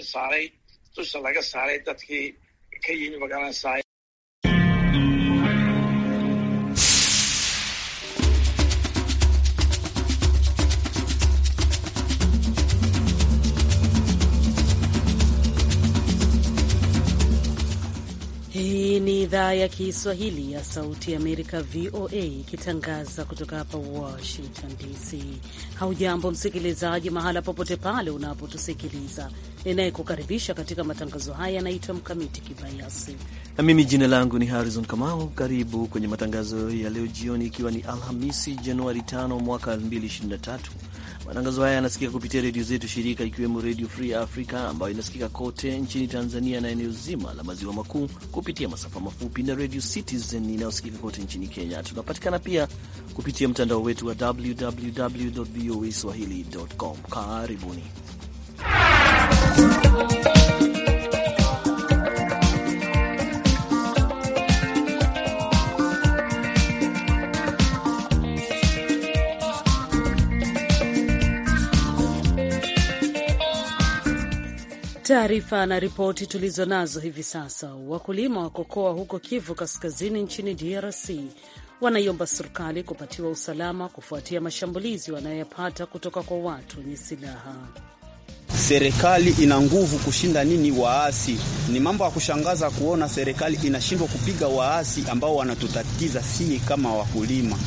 xil saaray dusha laga saaray dadkii ka yimi magaalada idhaa ya Kiswahili ya Sauti ya Amerika, VOA, ikitangaza kutoka hapa Washington DC. Haujambo msikilizaji, mahala popote pale unapotusikiliza. Ninayekukaribisha katika matangazo haya yanaitwa Mkamiti Kibayasi na mimi jina langu ni Harrison Kamau. Karibu kwenye matangazo ya leo jioni, ikiwa ni Alhamisi Januari 5 mwaka 2023 Matangazo haya yanasikika kupitia redio zetu shirika, ikiwemo Redio Free Africa ambayo inasikika kote nchini Tanzania na eneo zima la maziwa makuu kupitia masafa mafupi na Redio Citizen inayosikika kote nchini Kenya. Tunapatikana pia kupitia mtandao wetu wa www voa swahili com. Karibuni Taarifa na ripoti tulizo nazo hivi sasa, wakulima wa kokoa huko Kivu Kaskazini nchini DRC wanaiomba serikali kupatiwa usalama kufuatia mashambulizi wanayoyapata kutoka kwa watu wenye silaha. Serikali ina nguvu kushinda nini waasi? Ni mambo ya kushangaza kuona serikali inashindwa kupiga waasi ambao wanatutatiza sisi kama wakulima.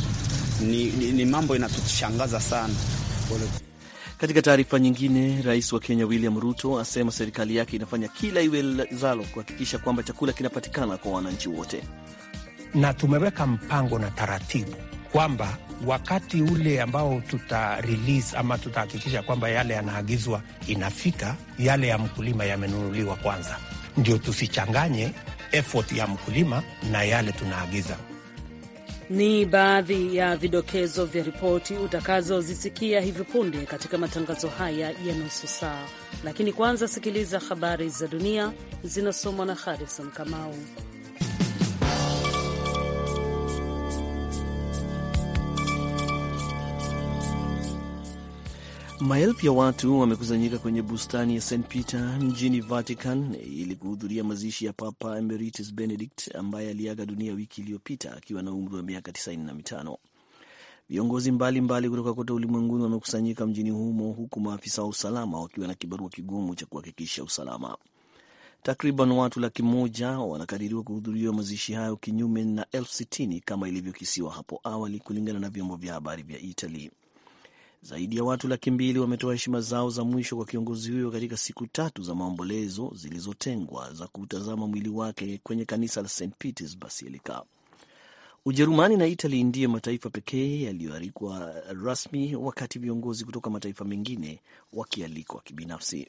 Ni, ni, ni mambo inatushangaza sana. Katika taarifa nyingine, rais wa Kenya William Ruto asema serikali yake inafanya kila iwezalo kuhakikisha kwamba chakula kinapatikana kwa wananchi wote. Na tumeweka mpango na taratibu kwamba wakati ule ambao tuta release ama tutahakikisha kwamba yale yanaagizwa inafika, yale ya mkulima yamenunuliwa kwanza, ndio tusichanganye effort ya mkulima na yale tunaagiza. Ni baadhi ya vidokezo vya ripoti utakazozisikia hivi punde katika matangazo haya ya nusu saa, lakini kwanza sikiliza habari za dunia zinasomwa na Harrison Kamau. Maelfu ya watu wamekusanyika kwenye bustani ya St Peter mjini Vatican ili kuhudhuria mazishi ya Papa Emeritus Benedict ambaye aliaga dunia wiki iliyopita akiwa na umri wa miaka 95. Viongozi mbalimbali kutoka kote ulimwenguni wamekusanyika mjini humo huku maafisa wa usalama wakiwa na kibarua kigumu cha kuhakikisha usalama. Takriban watu laki moja wanakadiriwa kuhudhuria mazishi hayo kinyume na elfu sitini kama ilivyokisiwa hapo awali, kulingana na vyombo vya habari vya Italy. Zaidi ya watu laki mbili wametoa heshima zao za mwisho kwa kiongozi huyo katika siku tatu za maombolezo zilizotengwa za kutazama mwili wake kwenye kanisa la St Peters Basilica. Ujerumani na Itali ndiyo mataifa pekee yaliyoalikwa rasmi, wakati viongozi kutoka mataifa mengine wakialikwa kibinafsi.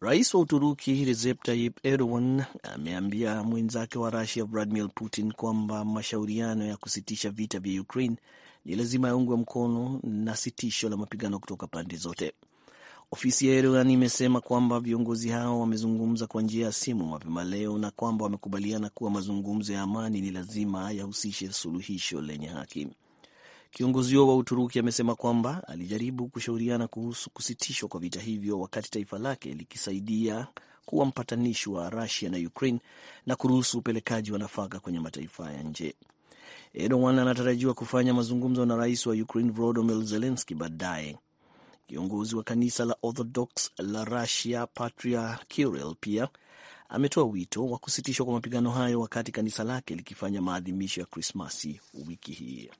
Rais wa Uturuki Recep Tayyip Erdogan ameambia mwenzake wa Rusia Vladimir Putin kwamba mashauriano ya kusitisha vita vya Ukraine ni lazima yaungwe mkono na sitisho la mapigano kutoka pande zote. Ofisi ya Erdogan imesema kwamba viongozi hao wamezungumza kwa njia ya simu mapema leo na kwamba wamekubaliana kuwa mazungumzo ya amani ni lazima yahusishe suluhisho lenye haki. Kiongozi huo wa Uturuki amesema kwamba alijaribu kushauriana kuhusu kusitishwa kwa vita hivyo wakati taifa lake likisaidia kuwa mpatanishi wa Rusia na Ukraine na kuruhusu upelekaji wa nafaka kwenye mataifa ya nje. Erdogan anatarajiwa kufanya mazungumzo na rais wa Ukraine Volodymyr Zelensky baadaye. Kiongozi wa kanisa la Orthodox la Russia Patria Kirill pia ametoa wito wa kusitishwa kwa mapigano hayo wakati kanisa lake likifanya maadhimisho ya Krismasi wiki hii.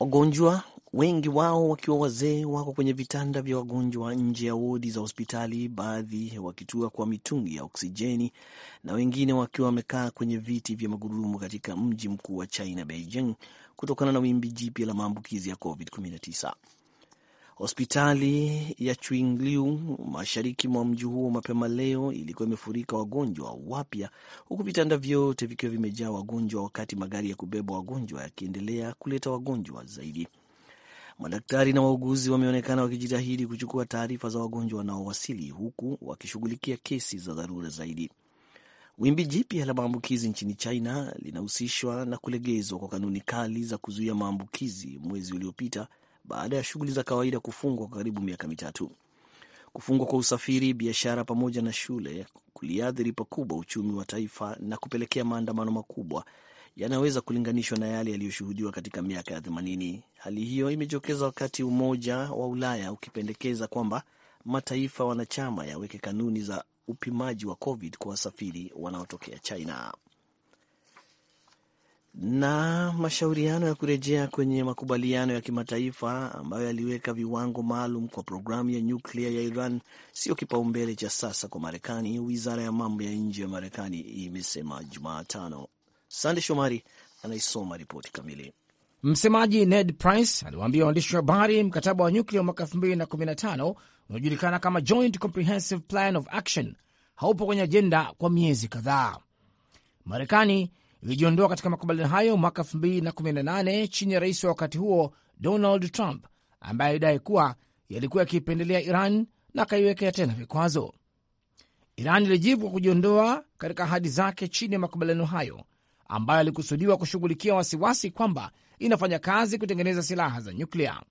Wagonjwa wengi wao wakiwa wazee wako kwenye vitanda vya wagonjwa nje ya wodi za hospitali, baadhi wakitua kwa mitungi ya oksijeni na wengine wakiwa wamekaa kwenye viti vya magurudumu katika mji mkuu wa China, Beijing, kutokana na wimbi jipya la maambukizi ya COVID-19. Hospitali ya chwinglu mashariki mwa mji huo mapema leo ilikuwa imefurika wagonjwa wapya, huku vitanda vyote vikiwa vimejaa wagonjwa, wakati magari ya kubeba wagonjwa yakiendelea kuleta wagonjwa zaidi. Madaktari na wauguzi wameonekana wakijitahidi kuchukua taarifa za wagonjwa wanaowasili, huku wakishughulikia kesi za dharura zaidi. Wimbi jipya la maambukizi nchini China linahusishwa na kulegezwa kwa kanuni kali za kuzuia maambukizi mwezi uliopita baada ya shughuli za kawaida kufungwa kwa karibu miaka mitatu. Kufungwa kwa usafiri, biashara pamoja na shule kuliathiri pakubwa uchumi wa taifa na kupelekea maandamano makubwa yanaweza kulinganishwa na yale yaliyoshuhudiwa katika miaka ya themanini. Hali hiyo imejitokeza wakati Umoja wa Ulaya ukipendekeza kwamba mataifa wanachama yaweke kanuni za upimaji wa COVID kwa wasafiri wanaotokea China na mashauriano ya kurejea kwenye makubaliano ya kimataifa ambayo yaliweka viwango maalum kwa programu ya nyuklia ya Iran sio kipaumbele cha sasa kwa Marekani, wizara ya mambo ya nje ya Marekani imesema Jumatano. Sande Shomari anaisoma ripoti kamili. Msemaji Ned Price aliwaambia waandishi wa habari mkataba wa nyuklia wa mwaka 2015 unaojulikana kama Joint Comprehensive Plan of Action haupo kwenye ajenda kwa miezi kadhaa. Marekani ilijiondoa katika makubaliano hayo mwaka 2018 chini ya rais wa wakati huo Donald Trump, ambaye alidai kuwa yalikuwa yakiipendelea Iran na akaiwekea tena vikwazo. Iran ilijibu kwa kujiondoa katika ahadi zake chini ya makubaliano hayo ambayo alikusudiwa kushughulikia wasiwasi kwamba inafanya kazi kutengeneza silaha za nyuklia.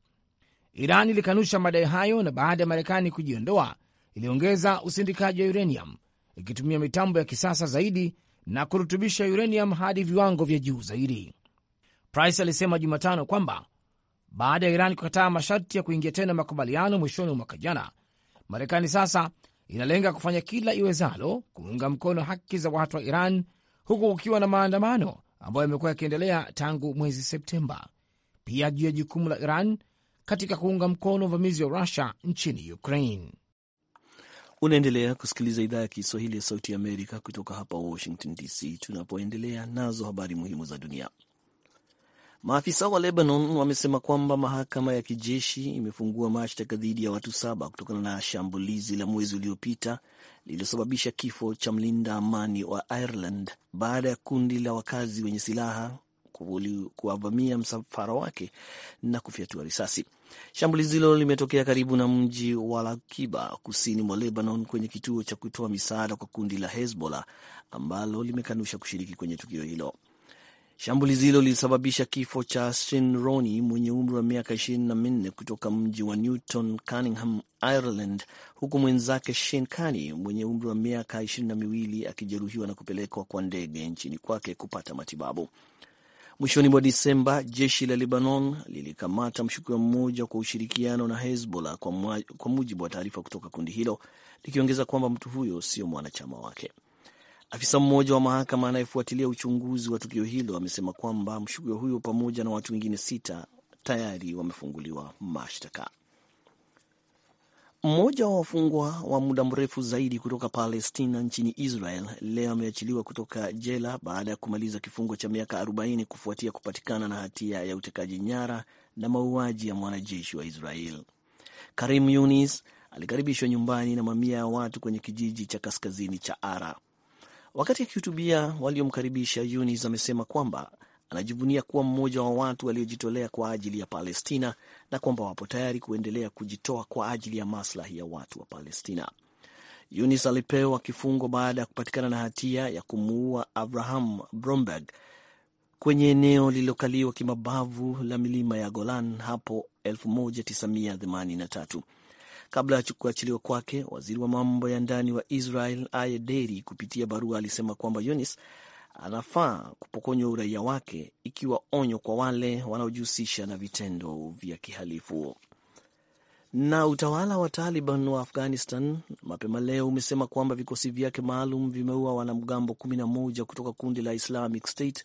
Iran ilikanusha madai hayo, na baada ya Marekani kujiondoa iliongeza usindikaji wa uranium ikitumia mitambo ya kisasa zaidi na kurutubisha uranium hadi viwango vya juu zaidi. Price alisema Jumatano kwamba baada ya Iran kukataa masharti ya kuingia tena makubaliano mwishoni mwa mwaka jana, Marekani sasa inalenga kufanya kila iwezalo kuunga mkono haki za watu wa Iran, huku kukiwa na maandamano ambayo yamekuwa yakiendelea tangu mwezi Septemba, pia juu ya jukumu la Iran katika kuunga mkono uvamizi wa Rusia nchini Ukraine. Unaendelea kusikiliza idhaa ya Kiswahili ya Sauti ya Amerika kutoka hapa Washington DC, tunapoendelea nazo habari muhimu za dunia. Maafisa wa Lebanon wamesema kwamba mahakama ya kijeshi imefungua mashtaka dhidi ya watu saba kutokana na shambulizi la mwezi uliopita lililosababisha kifo cha mlinda amani wa Ireland baada ya kundi la wakazi wenye silaha kuwavamia msafara wake na kufyatua risasi. Shambulizi hilo limetokea karibu na mji wa Lakiba kusini mwa Lebanon, kwenye kituo cha kutoa misaada kwa kundi la Hezbollah ambalo limekanusha kushiriki kwenye tukio hilo. Shambulizi hilo lilisababisha kifo cha Roni mwenye umri wa miaka ishirini na minne kutoka mji wa Newton, Cunningham, Ireland, huku mwenzake Shin Kani mwenye umri wa miaka ishirini na miwili akijeruhiwa na kupelekwa kwa ndege nchini kwake kupata matibabu. Mwishoni mwa Disemba, jeshi la Lebanon lilikamata mshukiwa mmoja kwa ushirikiano na Hezbollah, kwa, kwa mujibu wa taarifa kutoka kundi hilo, likiongeza kwamba mtu huyo sio mwanachama wake. Afisa mmoja wa mahakama anayefuatilia uchunguzi wa tukio hilo amesema kwamba mshukiwa huyo pamoja na watu wengine sita tayari wamefunguliwa mashtaka. Mmoja wa wafungwa wa muda mrefu zaidi kutoka Palestina nchini Israel leo ameachiliwa kutoka jela baada ya kumaliza kifungo cha miaka 40 kufuatia kupatikana na hatia ya utekaji nyara na mauaji ya mwanajeshi wa Israel. Karim Yunis alikaribishwa nyumbani na mamia ya watu kwenye kijiji cha kaskazini cha Ara. Wakati akihutubia waliomkaribisha, Yunis amesema kwamba anajivunia kuwa mmoja wa watu waliojitolea kwa ajili ya Palestina na kwamba wapo tayari kuendelea kujitoa kwa ajili ya maslahi ya watu wa Palestina. Yunis alipewa kifungo baada ya kupatikana na hatia ya kumuua Abraham Bromberg kwenye eneo lililokaliwa kimabavu la milima ya Golan hapo 1983. Kabla ya kuachiliwa kwake, waziri wa mambo ya ndani wa Israel Aye Deri kupitia barua alisema kwamba Yunis anafaa kupokonywa uraia wake, ikiwa onyo kwa wale wanaojihusisha na vitendo vya kihalifu. Na utawala wa Taliban wa Afghanistan mapema leo umesema kwamba vikosi vyake maalum vimeua wanamgambo kumi na moja kutoka kundi la Islamic State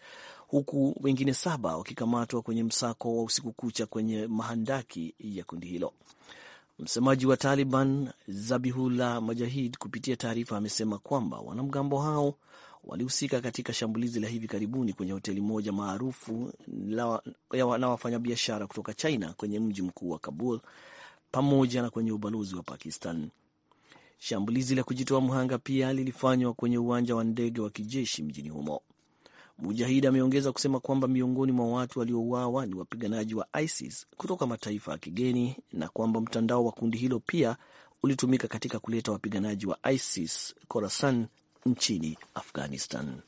huku wengine saba wakikamatwa kwenye msako wa usiku kucha kwenye mahandaki ya kundi hilo. Msemaji wa Taliban Zabihullah Mujahid kupitia taarifa amesema kwamba wanamgambo hao walihusika katika shambulizi la hivi karibuni kwenye hoteli moja maarufu na wafanyabiashara kutoka China kwenye mji mkuu wa Kabul pamoja na kwenye ubalozi wa Pakistan. Shambulizi la kujitoa mhanga pia lilifanywa kwenye uwanja wa ndege wa kijeshi mjini humo. Mujahidi ameongeza kusema kwamba miongoni mwa watu waliouawa ni wapiganaji wa ISIS kutoka mataifa ya kigeni na kwamba mtandao wa kundi hilo pia ulitumika katika kuleta wapiganaji wa ISIS Khorasan nchini Afghanistan.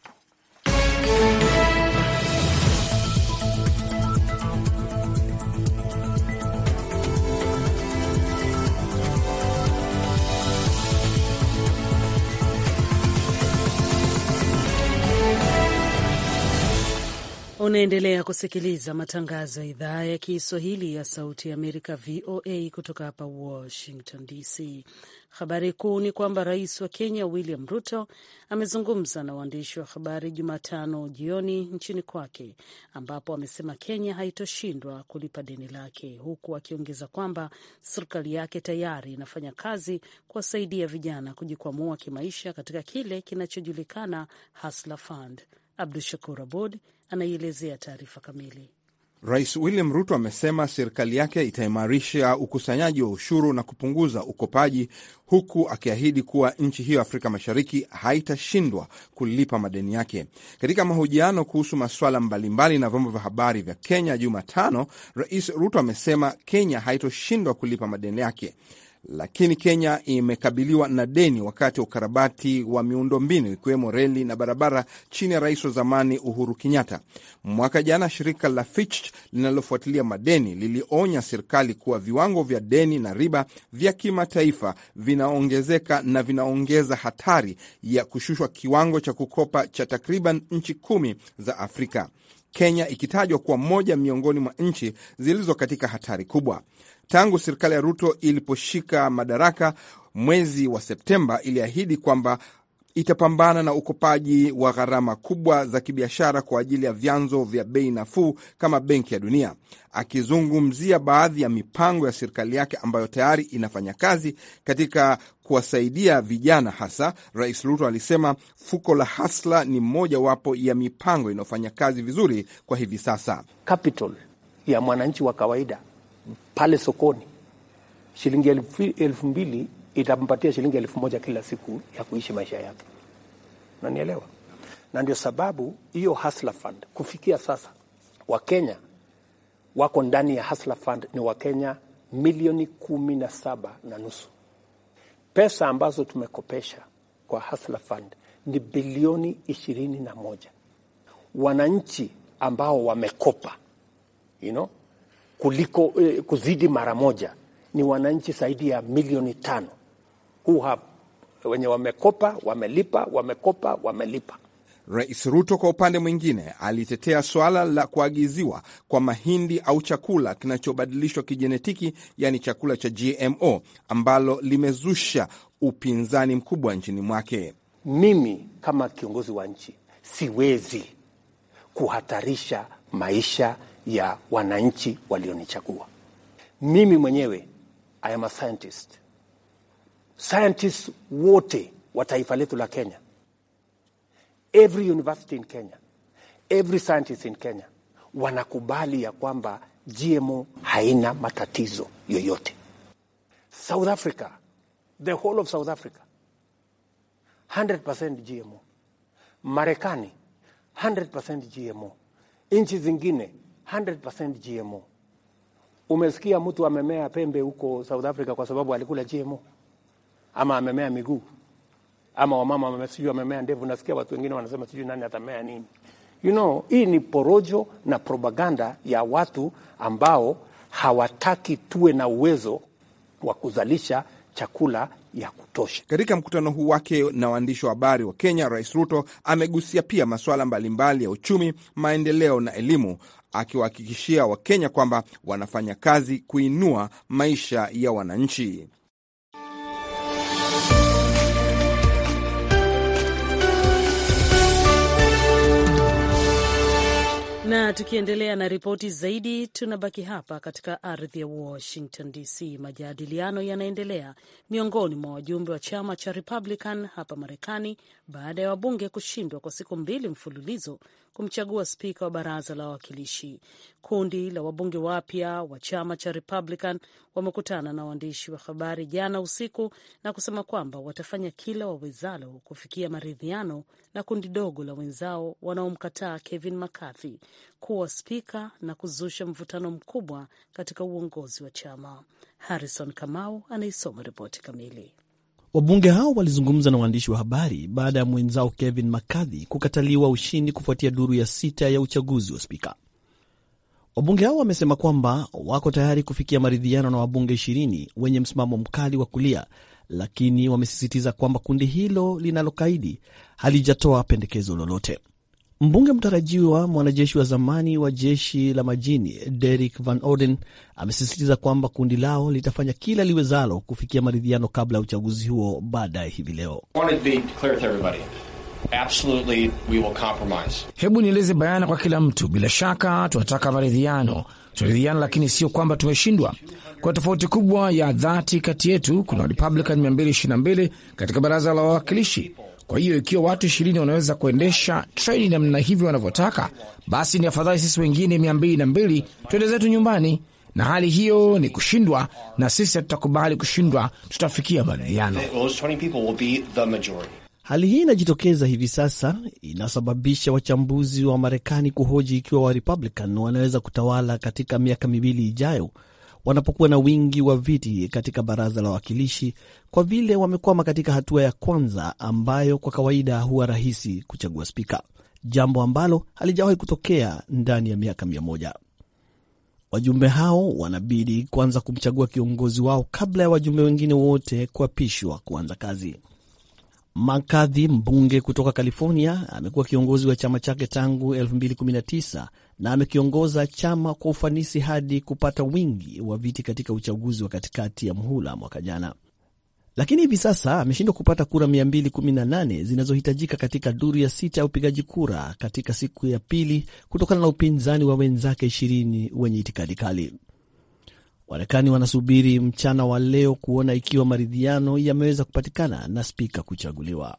Unaendelea kusikiliza matangazo ya idhaa ya Kiswahili ya Sauti ya Amerika, VOA, kutoka hapa Washington DC. Habari kuu ni kwamba rais wa Kenya William Ruto amezungumza na waandishi wa habari Jumatano jioni nchini kwake, ambapo amesema Kenya haitoshindwa kulipa deni lake, huku akiongeza kwamba serikali yake tayari inafanya kazi kuwasaidia vijana kujikwamua kimaisha katika kile kinachojulikana Hustler Fund. Abdu Shakur Abod anaielezea taarifa kamili. Rais William Ruto amesema serikali yake itaimarisha ukusanyaji wa ushuru na kupunguza ukopaji, huku akiahidi kuwa nchi hiyo Afrika Mashariki haitashindwa kulipa madeni yake. Katika mahojiano kuhusu masuala mbalimbali na vyombo vya habari vya Kenya Jumatano, Rais Ruto amesema Kenya haitoshindwa kulipa madeni yake lakini Kenya imekabiliwa na deni wakati wa ukarabati wa miundombinu ikiwemo reli na barabara chini ya rais wa zamani Uhuru Kenyatta. Mwaka jana shirika la Fitch linalofuatilia madeni lilionya serikali kuwa viwango vya deni na riba vya kimataifa vinaongezeka na vinaongeza hatari ya kushushwa kiwango cha kukopa cha takriban nchi kumi za Afrika. Kenya ikitajwa kuwa moja miongoni mwa nchi zilizo katika hatari kubwa. Tangu serikali ya Ruto iliposhika madaraka mwezi wa Septemba, iliahidi kwamba itapambana na ukopaji wa gharama kubwa za kibiashara kwa ajili ya vyanzo vya bei nafuu kama Benki ya Dunia. Akizungumzia baadhi ya mipango ya serikali yake ambayo tayari inafanya kazi katika kuwasaidia vijana hasa, Rais Ruto alisema fuko la hasla ni mojawapo ya mipango inayofanya kazi vizuri kwa hivi sasa. Capital ya mwananchi wa kawaida pale sokoni shilingi elfu mbili itampatia shilingi elfu moja kila siku ya kuishi maisha yake, nanielewa. Na ndio sababu hiyo Hustler Fund kufikia sasa Wakenya wako ndani ya Hustler Fund ni Wakenya milioni kumi na saba na nusu. Pesa ambazo tumekopesha kwa Hustler Fund ni bilioni ishirini na moja. Wananchi ambao wamekopa you know, kuliko eh, kuzidi mara moja ni wananchi zaidi ya milioni tano who have wenye wamekopa wamelipa, wamekopa wamelipa. Rais Ruto kwa upande mwingine alitetea swala la kuagiziwa kwa mahindi au chakula kinachobadilishwa kijenetiki, yaani chakula cha GMO ambalo limezusha upinzani mkubwa nchini mwake. Mimi kama kiongozi wa nchi siwezi kuhatarisha maisha ya wananchi walionichagua. Mimi mwenyewe I am a scientist scientists wote wa taifa letu la Kenya, every university in Kenya, every scientist in Kenya wanakubali ya kwamba GMO haina matatizo yoyote. South Africa, the whole of South Africa 100% GMO. Marekani 100% GMO. Nchi zingine 100% GMO. Umesikia mtu amemea pembe huko South Africa kwa sababu alikula GMO? ama amemea miguu ama wamama sijui wamemea ndevu. Nasikia watu wengine wanasema sijui nani atamea nini. You know, hii ni porojo na propaganda ya watu ambao hawataki tuwe na uwezo wa kuzalisha chakula ya kutosha. Katika mkutano huu wake na waandishi wa habari wa Kenya, Rais Ruto amegusia pia masuala mbalimbali ya uchumi, maendeleo na elimu, akiwahakikishia Wakenya kwamba wanafanya kazi kuinua maisha ya wananchi. tukiendelea na ripoti zaidi, tunabaki hapa katika ardhi ya Washington DC. Majadiliano yanaendelea miongoni mwa wajumbe wa chama cha Republican hapa Marekani baada ya wabunge kushindwa kwa siku mbili mfululizo kumchagua spika wa baraza la wawakilishi. Kundi la wabunge wapya wa chama cha Republican wamekutana na waandishi wa habari jana usiku na kusema kwamba watafanya kila wawezalo kufikia maridhiano na kundi dogo la wenzao wanaomkataa Kevin McCarthy kuwa spika na kuzusha mvutano mkubwa katika uongozi wa chama. Harrison Kamau anaisoma ripoti kamili. Wabunge hao walizungumza na waandishi wa habari baada ya mwenzao Kevin McCarthy kukataliwa ushindi kufuatia duru ya sita ya uchaguzi wa spika. Wabunge hao wamesema kwamba wako tayari kufikia maridhiano na wabunge ishirini wenye msimamo mkali wa kulia, lakini wamesisitiza kwamba kundi hilo linalokaidi halijatoa pendekezo lolote. Mbunge mtarajiwa mwanajeshi wa zamani wa jeshi la majini Derek Van Orden amesisitiza kwamba kundi lao litafanya kila liwezalo kufikia maridhiano kabla ya uchaguzi huo baadaye hivi leo. Hebu nieleze bayana kwa kila mtu, bila shaka tunataka maridhiano, tunaridhiana, lakini sio kwamba tumeshindwa. Kwa tofauti kubwa ya dhati kati yetu, kuna Republican 222 katika baraza la wawakilishi kwa hiyo ikiwa watu ishirini wanaweza kuendesha treni namna hivyo wanavyotaka, basi ni afadhali sisi wengine mia mbili na mbili twende zetu nyumbani na hali hiyo ni kushindwa, na sisi hatutakubali kushindwa, tutafikia maridhiano. Hali hii inajitokeza hivi sasa, inasababisha wachambuzi wa Marekani kuhoji ikiwa Warepublican wanaweza kutawala katika miaka miwili ijayo, wanapokuwa na wingi wa viti katika baraza la wawakilishi, kwa vile wamekwama katika hatua ya kwanza ambayo kwa kawaida huwa rahisi kuchagua spika, jambo ambalo halijawahi kutokea ndani ya miaka mia moja. Wajumbe hao wanabidi kwanza kumchagua kiongozi wao kabla ya wajumbe wengine wote kuapishwa kuanza kazi. makadhi mbunge kutoka California, amekuwa kiongozi wa chama chake tangu 2019 na amekiongoza chama kwa ufanisi hadi kupata wingi wa viti katika uchaguzi wa katikati ya mhula mwaka jana, lakini hivi sasa ameshindwa kupata kura 218 zinazohitajika katika duru ya sita ya upigaji kura katika siku ya pili kutokana na upinzani wa wenzake ishirini wenye itikadi kali. Marekani wanasubiri mchana wa leo kuona ikiwa maridhiano yameweza kupatikana na spika kuchaguliwa.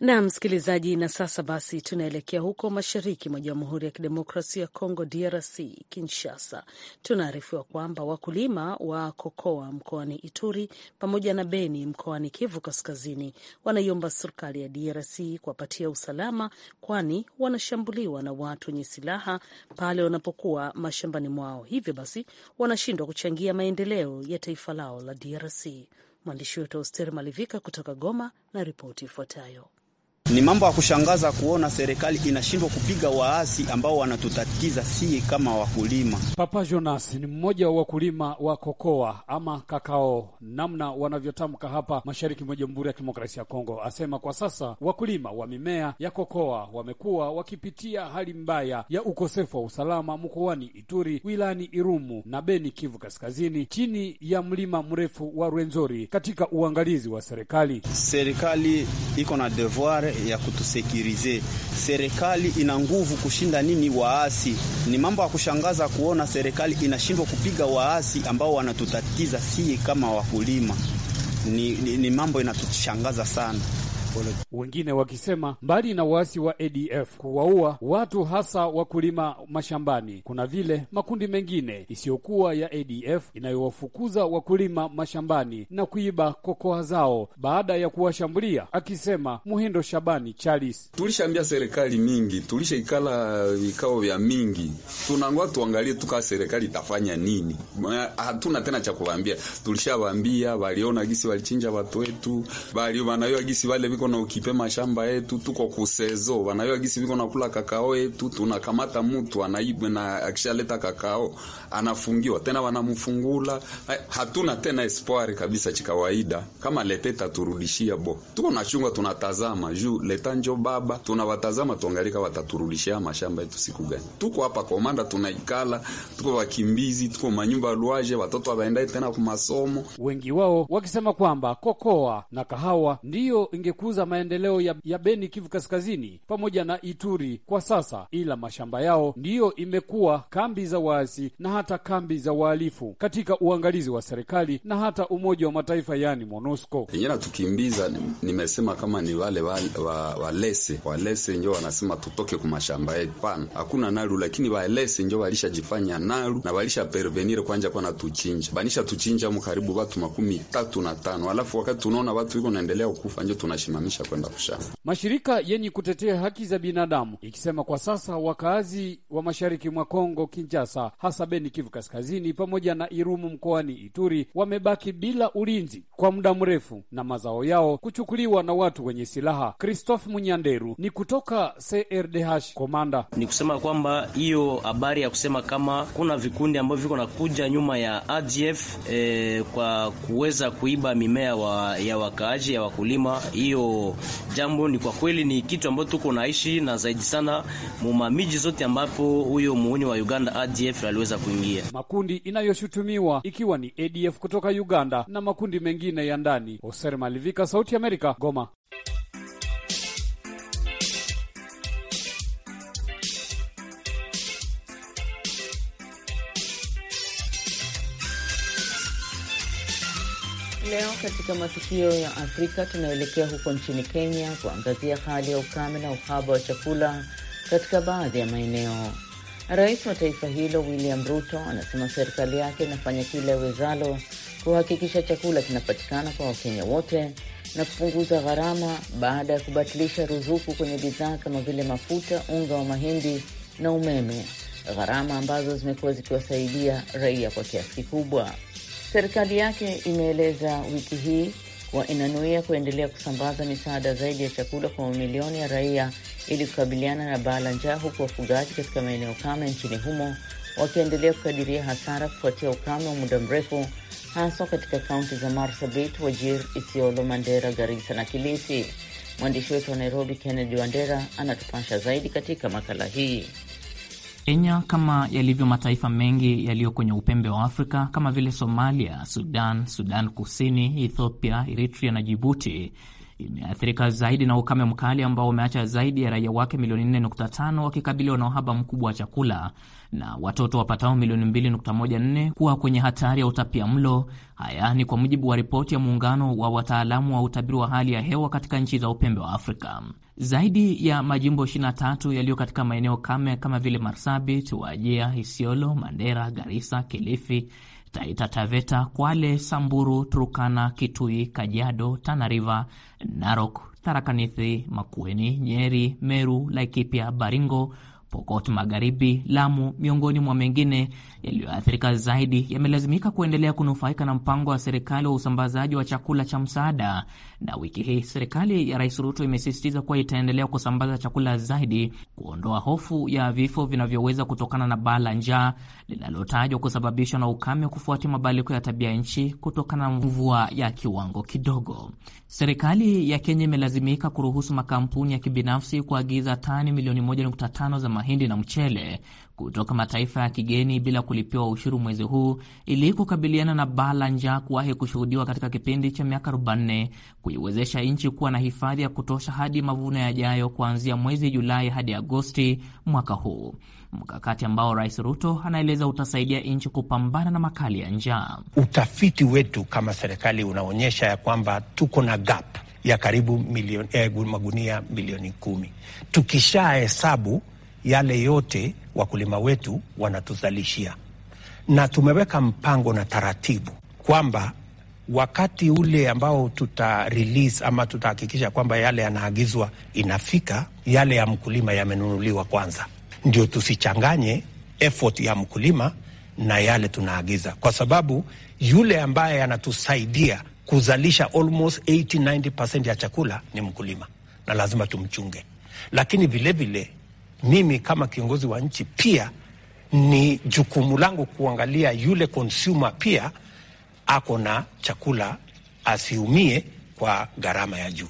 na msikilizaji, na sasa basi tunaelekea huko mashariki mwa Jamhuri ya Kidemokrasia ya Kongo, DRC, Kinshasa. Tunaarifiwa kwamba wakulima wa kokoa mkoani Ituri pamoja na Beni mkoani Kivu Kaskazini wanaiomba serikali ya DRC kuwapatia usalama, kwani wanashambuliwa na watu wenye silaha pale wanapokuwa mashambani mwao, hivyo basi wanashindwa kuchangia maendeleo ya taifa lao la DRC. Mwandishi wetu Auster Malivika kutoka Goma na ripoti ifuatayo. Ni mambo ya kushangaza kuona serikali inashindwa kupiga waasi ambao wanatutatiza si kama wakulima. Papa Jonas ni mmoja wa wakulima wa kokoa ama kakao, namna wanavyotamka hapa mashariki mwa Jamhuri ya Kidemokrasia ya Kongo, asema kwa sasa wakulima wa mimea ya kokoa wamekuwa wakipitia hali mbaya ya ukosefu wa usalama mkoani Ituri, wilani Irumu na Beni, Kivu Kaskazini, chini ya mlima mrefu wa Rwenzori, katika uangalizi wa serikali. Serikali iko na devoir ya kutusekirize. Serikali ina nguvu kushinda nini waasi? Ni mambo ya kushangaza kuona serikali inashindwa kupiga waasi ambao wanatutatiza sie kama wakulima. Ni, ni, ni mambo inatushangaza sana apology. Wengine wakisema mbali na waasi wa ADF kuwaua watu hasa wakulima mashambani, kuna vile makundi mengine isiyokuwa ya ADF inayowafukuza wakulima mashambani na kuiba kokoa zao baada ya kuwashambulia, akisema Muhindo Shabani Charles. Tulishaambia serikali mingi, tulishaikala vikao vya mingi, tunangwa tuangalie tukaa serikali itafanya nini. Hatuna tena cha kuwaambia, tulishawaambia, waliona gisi walichinja watu wetu, walio gisi wale viko biko na ukipe mashamba yetu, tuko kusezo banayo gisi biko nakula kakao yetu, tunakamata mtu anaibwe na akishaleta kakao anafungiwa tena, wanamfungula. Hatuna tena espoir kabisa chikawaida, kama leteta turudishia bo, tuko na chunga tunatazama juu leta njo baba, tunawatazama tuangalika, wataturudishia mashamba yetu siku gani? Tuko hapa komanda, tunaikala tuko wakimbizi, tuko manyumba luaje, watoto waendae tena kumasomo, wengi wao wakisema kwamba kokoa na kahawa ndiyo ingekuza kukuza maendeleo ya, ya Beni, Kivu Kaskazini pamoja na Ituri kwa sasa, ila mashamba yao ndiyo imekuwa kambi za waasi na hata kambi za wahalifu katika uangalizi wa serikali na hata Umoja wa Mataifa, yaani MONUSCO yenyewe natukimbiza. Nimesema kama ni wale walese wa, wa walese njo wanasema tutoke kumashamba mashamba yetu, pana hakuna naru, lakini walese njo walishajifanya naru na walisha pervenir kwanja kwa natuchinja banisha tuchinja mkaribu watu makumi tatu na tano alafu wakati tunaona watu iko naendelea kukufa njo tunashima kusimamisha kwenda kushamba. Mashirika yenye kutetea haki za binadamu ikisema kwa sasa wakaazi wa mashariki mwa Kongo Kinshasa, hasa Beni, Kivu Kaskazini pamoja na Irumu mkoani Ituri wamebaki bila ulinzi kwa muda mrefu na mazao yao kuchukuliwa na watu wenye silaha. Christophe Munyanderu ni kutoka CRDH komanda. Ni kusema kwamba hiyo habari ya kusema kama kuna vikundi ambavyo viko nakuja nyuma ya ADF eh, kwa kuweza kuiba mimea wa, ya wakaaji ya wakulima hiyo jambo ni kwa kweli ni kitu ambacho tuko naishi na zaidi sana mumamiji zote ambapo huyo muuni wa Uganda ADF aliweza kuingia. Makundi inayoshutumiwa ikiwa ni ADF kutoka Uganda na makundi mengine ya ndani. Hoser Malivika, Sauti ya Amerika, Goma. Leo katika matukio ya Afrika tunaelekea huko nchini Kenya kuangazia hali ya ukame na uhaba wa chakula katika baadhi ya maeneo. Rais wa taifa hilo William Ruto anasema serikali yake inafanya kila iwezalo kuhakikisha chakula kinapatikana kwa Wakenya wote na kupunguza gharama baada ya kubatilisha ruzuku kwenye bidhaa kama vile mafuta, unga wa mahindi na umeme, gharama ambazo zimekuwa zikiwasaidia raia kwa kiasi kikubwa. Serikali yake imeeleza wiki hii kuwa inanuia kuendelea kusambaza misaada zaidi ya chakula kwa mamilioni ya raia ili kukabiliana na baa la njaa, huku wafugaji katika maeneo kame nchini humo wakiendelea kukadiria hasara kufuatia ukame wa muda mrefu, haswa katika kaunti za Marsabit, Wajir, Isiolo, Mandera, garisa na Kilisi. Mwandishi wetu wa Nairobi, Kennedy Wandera, anatupasha zaidi katika makala hii. Kenya kama yalivyo mataifa mengi yaliyo kwenye upembe wa Afrika kama vile Somalia, Sudan, Sudan Kusini, Ethiopia, Eritrea na Jibuti imeathirika zaidi na ukame mkali ambao umeacha zaidi ya raia wake milioni 4.5 wakikabiliwa na uhaba mkubwa wa chakula na watoto wapatao milioni 2.14 kuwa kwenye hatari ya utapia mlo. Haya ni kwa mujibu wa ripoti ya muungano wa wataalamu wa utabiri wa hali ya hewa katika nchi za upembe wa Afrika. Zaidi ya majimbo 23 yaliyo katika maeneo kame kama vile Marsabit, Wajia, Isiolo, Mandera, garisa Kilifi, Taita Taveta, Kwale, Samburu, turukana Kitui, Kajiado, Tana River, Narok, Tharaka Nithi, Makueni, Nyeri, Meru, Laikipia, Baringo, Pokot Magharibi, Lamu, miongoni mwa mengine yaliyoathirika zaidi, yamelazimika kuendelea kunufaika na mpango wa serikali wa usambazaji wa chakula cha msaada. Na wiki hii serikali ya Rais Ruto imesisitiza kuwa itaendelea kusambaza chakula zaidi, kuondoa hofu ya vifo vinavyoweza kutokana na baa la njaa linalotajwa kusababishwa na ukame kufuatia mabadiliko ya tabia nchi kutokana na mvua ya kiwango kidogo. Serikali ya Kenya imelazimika kuruhusu makampuni ya kibinafsi kuagiza tani milioni 1.5 za mahindi na mchele kutoka mataifa ya kigeni bila kulipiwa ushuru mwezi huu ili kukabiliana na baa la njaa kuwahi kushuhudiwa katika kipindi cha miaka 40, kuiwezesha nchi kuwa na hifadhi ya kutosha hadi mavuno yajayo kuanzia mwezi Julai hadi Agosti mwaka huu, mkakati ambao Rais Ruto anaeleza utasaidia nchi kupambana na makali ya njaa. Utafiti wetu kama serikali unaonyesha ya kwamba tuko na gap ya karibu milioni, eh, magunia milioni kumi tukishahesabu yale yote wakulima wetu wanatuzalishia, na tumeweka mpango na taratibu kwamba wakati ule ambao tuta release ama tutahakikisha kwamba yale yanaagizwa inafika, yale ya mkulima yamenunuliwa kwanza, ndio tusichanganye effort ya mkulima na yale tunaagiza, kwa sababu yule ambaye anatusaidia kuzalisha almost 80, 90% ya chakula ni mkulima na lazima tumchunge, lakini vilevile vile, mimi kama kiongozi wa nchi pia ni jukumu langu kuangalia yule consumer pia ako na chakula asiumie kwa gharama ya juu.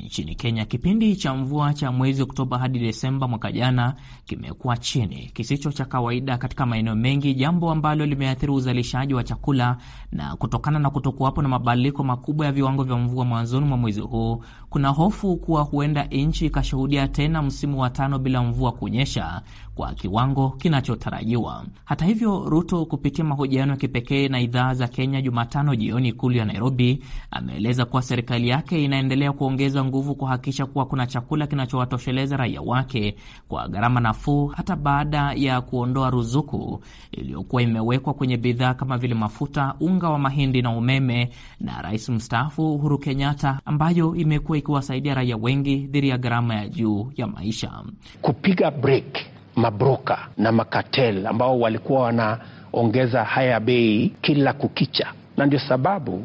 Nchini Kenya, kipindi cha mvua cha mwezi Oktoba hadi Desemba mwaka jana kimekuwa chini kisicho cha kawaida katika maeneo mengi, jambo ambalo limeathiri uzalishaji wa chakula. Na kutokana na kutokuwapo na mabadiliko makubwa ya viwango vya mvua mwanzoni mwa mwezi huu, kuna hofu kuwa huenda nchi ikashuhudia tena msimu wa tano bila mvua kunyesha kwa kiwango kinachotarajiwa. Hata hivyo, Ruto kupitia mahojiano ya kipekee na idhaa za Kenya Jumatano jioni, ikulu ya Nairobi, ameeleza kuwa serikali yake inaendelea kuongeza nguvu kuhakikisha kuwa kuna chakula kinachowatosheleza raia wake kwa gharama nafuu, hata baada ya kuondoa ruzuku iliyokuwa imewekwa kwenye bidhaa kama vile mafuta, unga wa mahindi na umeme, na rais mstaafu Uhuru Kenyatta, ambayo imekuwa ikiwasaidia raia wengi dhidi ya gharama ya juu ya maisha. Kupiga break mabroka na makatel ambao walikuwa wanaongeza haya bei kila kukicha, na ndio sababu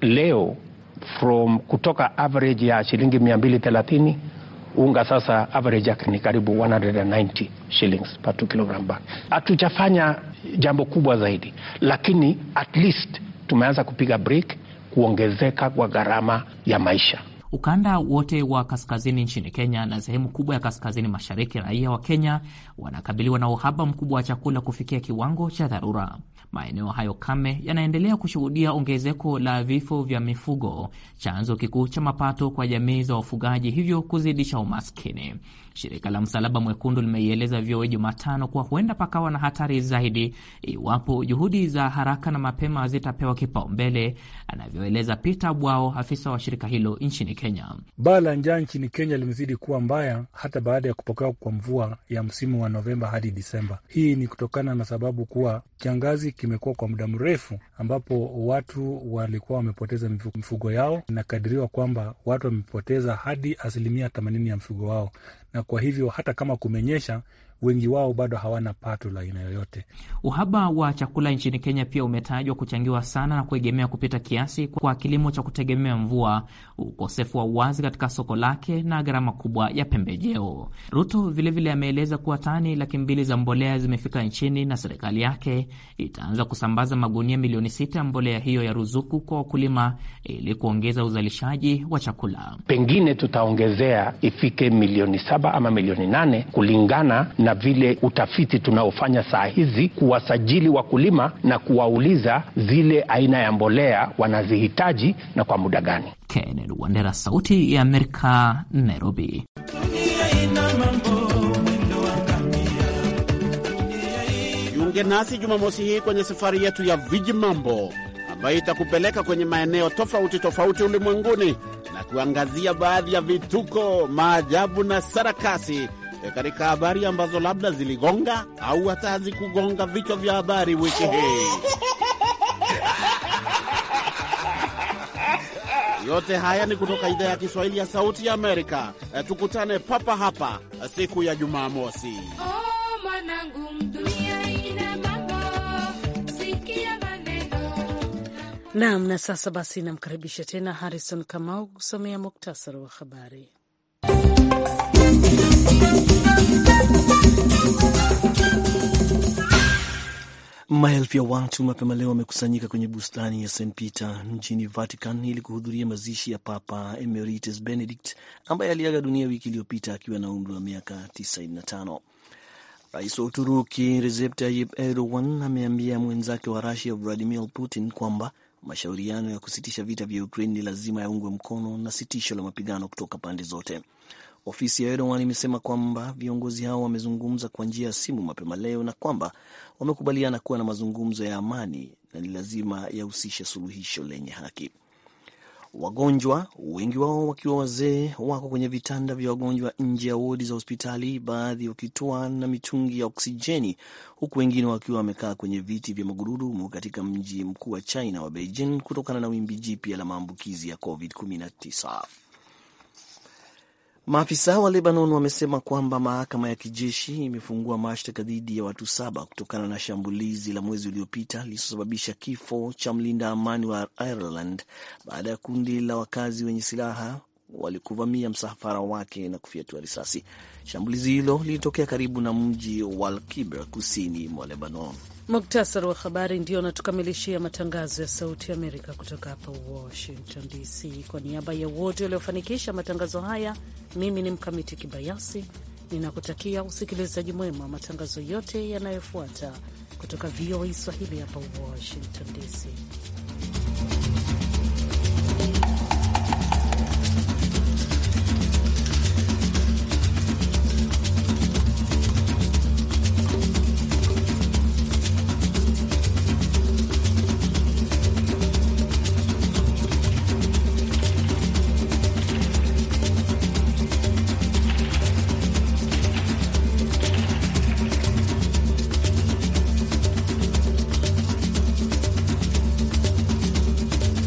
leo from kutoka average ya shilingi 230 unga sasa average yake ni karibu 190 shillings per 2 kilogram bag. Hatujafanya jambo kubwa zaidi, lakini at least tumeanza kupiga break kuongezeka kwa gharama ya maisha. Ukanda wote wa kaskazini nchini Kenya na sehemu kubwa ya kaskazini mashariki, raia wa Kenya wanakabiliwa na uhaba mkubwa wa chakula kufikia kiwango cha dharura. Maeneo hayo kame yanaendelea kushuhudia ongezeko la vifo vya mifugo, chanzo kikuu cha mapato kwa jamii za wafugaji, hivyo kuzidisha umaskini. Shirika la Msalaba Mwekundu limeieleza VOA Jumatano kuwa huenda pakawa na hatari zaidi iwapo juhudi za haraka na mapema zitapewa kipaumbele, anavyoeleza Peter Bwao, afisa wa shirika hilo nchini Kenya. Baa la njaa nchini Kenya limezidi kuwa mbaya hata baada ya kupokewa kwa mvua ya msimu wa wa Novemba hadi Disemba. Hii ni kutokana na sababu kuwa kiangazi kimekuwa kwa muda mrefu, ambapo watu walikuwa wamepoteza mifugo yao. Inakadiriwa kwamba watu wamepoteza hadi asilimia themanini ya mfugo wao, na kwa hivyo hata kama kumenyesha wengi wao bado hawana pato la aina yoyote. Uhaba wa chakula nchini Kenya pia umetajwa kuchangiwa sana na kuegemea kupita kiasi kwa kilimo cha kutegemea mvua, ukosefu wa uwazi katika soko lake na gharama kubwa ya pembejeo. Ruto vilevile ameeleza kuwa tani laki mbili za mbolea zimefika nchini na serikali yake itaanza kusambaza magunia milioni sita ya mbolea hiyo ya ruzuku kwa wakulima ili kuongeza uzalishaji wa chakula. Pengine tutaongezea ifike milioni saba ama milioni nane kulingana na na vile utafiti tunaofanya saa hizi kuwasajili wakulima na kuwauliza zile aina ya mbolea wanazihitaji na kwa muda gani. Kennedy Wandera, Sauti ya Amerika, Nairobi. Jiunge nasi Jumamosi hii kwenye safari yetu ya Viji Mambo ambayo itakupeleka kwenye maeneo tofauti tofauti ulimwenguni na kuangazia baadhi ya vituko, maajabu na sarakasi e, katika habari ambazo labda ziligonga au hata hazikugonga vichwa vya habari wiki hii. Yote haya ni kutoka idhaa ya Kiswahili ya Sauti ya Amerika. E, tukutane papa hapa siku ya Jumamosi. Oh, Nam. Na sasa basi, namkaribisha tena Harrison Kamau kusomea muktasari wa habari. Maelfu ya watu mapema leo wamekusanyika kwenye bustani ya St Peter mjini Vatican ili kuhudhuria mazishi ya Papa Emeritus Benedict ambaye aliaga dunia wiki iliyopita akiwa na umri wa miaka 95. Rais wa Uturuki Recep Tayyip Erdogan ameambia mwenzake wa Rusia Vladimir Putin kwamba mashauriano ya kusitisha vita vya Ukraine ni lazima yaungwe mkono na sitisho la mapigano kutoka pande zote. Ofisi ya Erdogan imesema kwamba viongozi hao wamezungumza kwa njia ya simu mapema leo na kwamba wamekubaliana kuwa na mazungumzo ya amani na ni lazima yahusishe suluhisho lenye haki. Wagonjwa wengi wao wakiwa wazee wako kwenye vitanda vya wagonjwa nje ya wodi za hospitali, baadhi wakitoa na mitungi ya oksijeni, huku wengine wakiwa wamekaa kwenye viti vya magurudumu katika mji mkuu wa China wa Beijing kutokana na wimbi jipya la maambukizi ya COVID-19. Maafisa wa Lebanon wamesema kwamba mahakama ya kijeshi imefungua mashtaka dhidi ya watu saba kutokana na shambulizi la mwezi uliopita lililosababisha kifo cha mlinda amani wa Ireland baada ya kundi la wakazi wenye silaha walikuvamia msafara wake na kufyatua risasi. Shambulizi hilo lilitokea karibu na mji wa Alkibra kusini mwa Lebanon. Muktasari wa habari ndio anatukamilishia matangazo ya Sauti Amerika kutoka hapa Washington DC. Kwa niaba ya wote waliofanikisha matangazo haya, mimi ni Mkamiti Kibayasi, ninakutakia usikilizaji mwema wa matangazo yote yanayofuata kutoka VOA Swahili hapa Washington DC.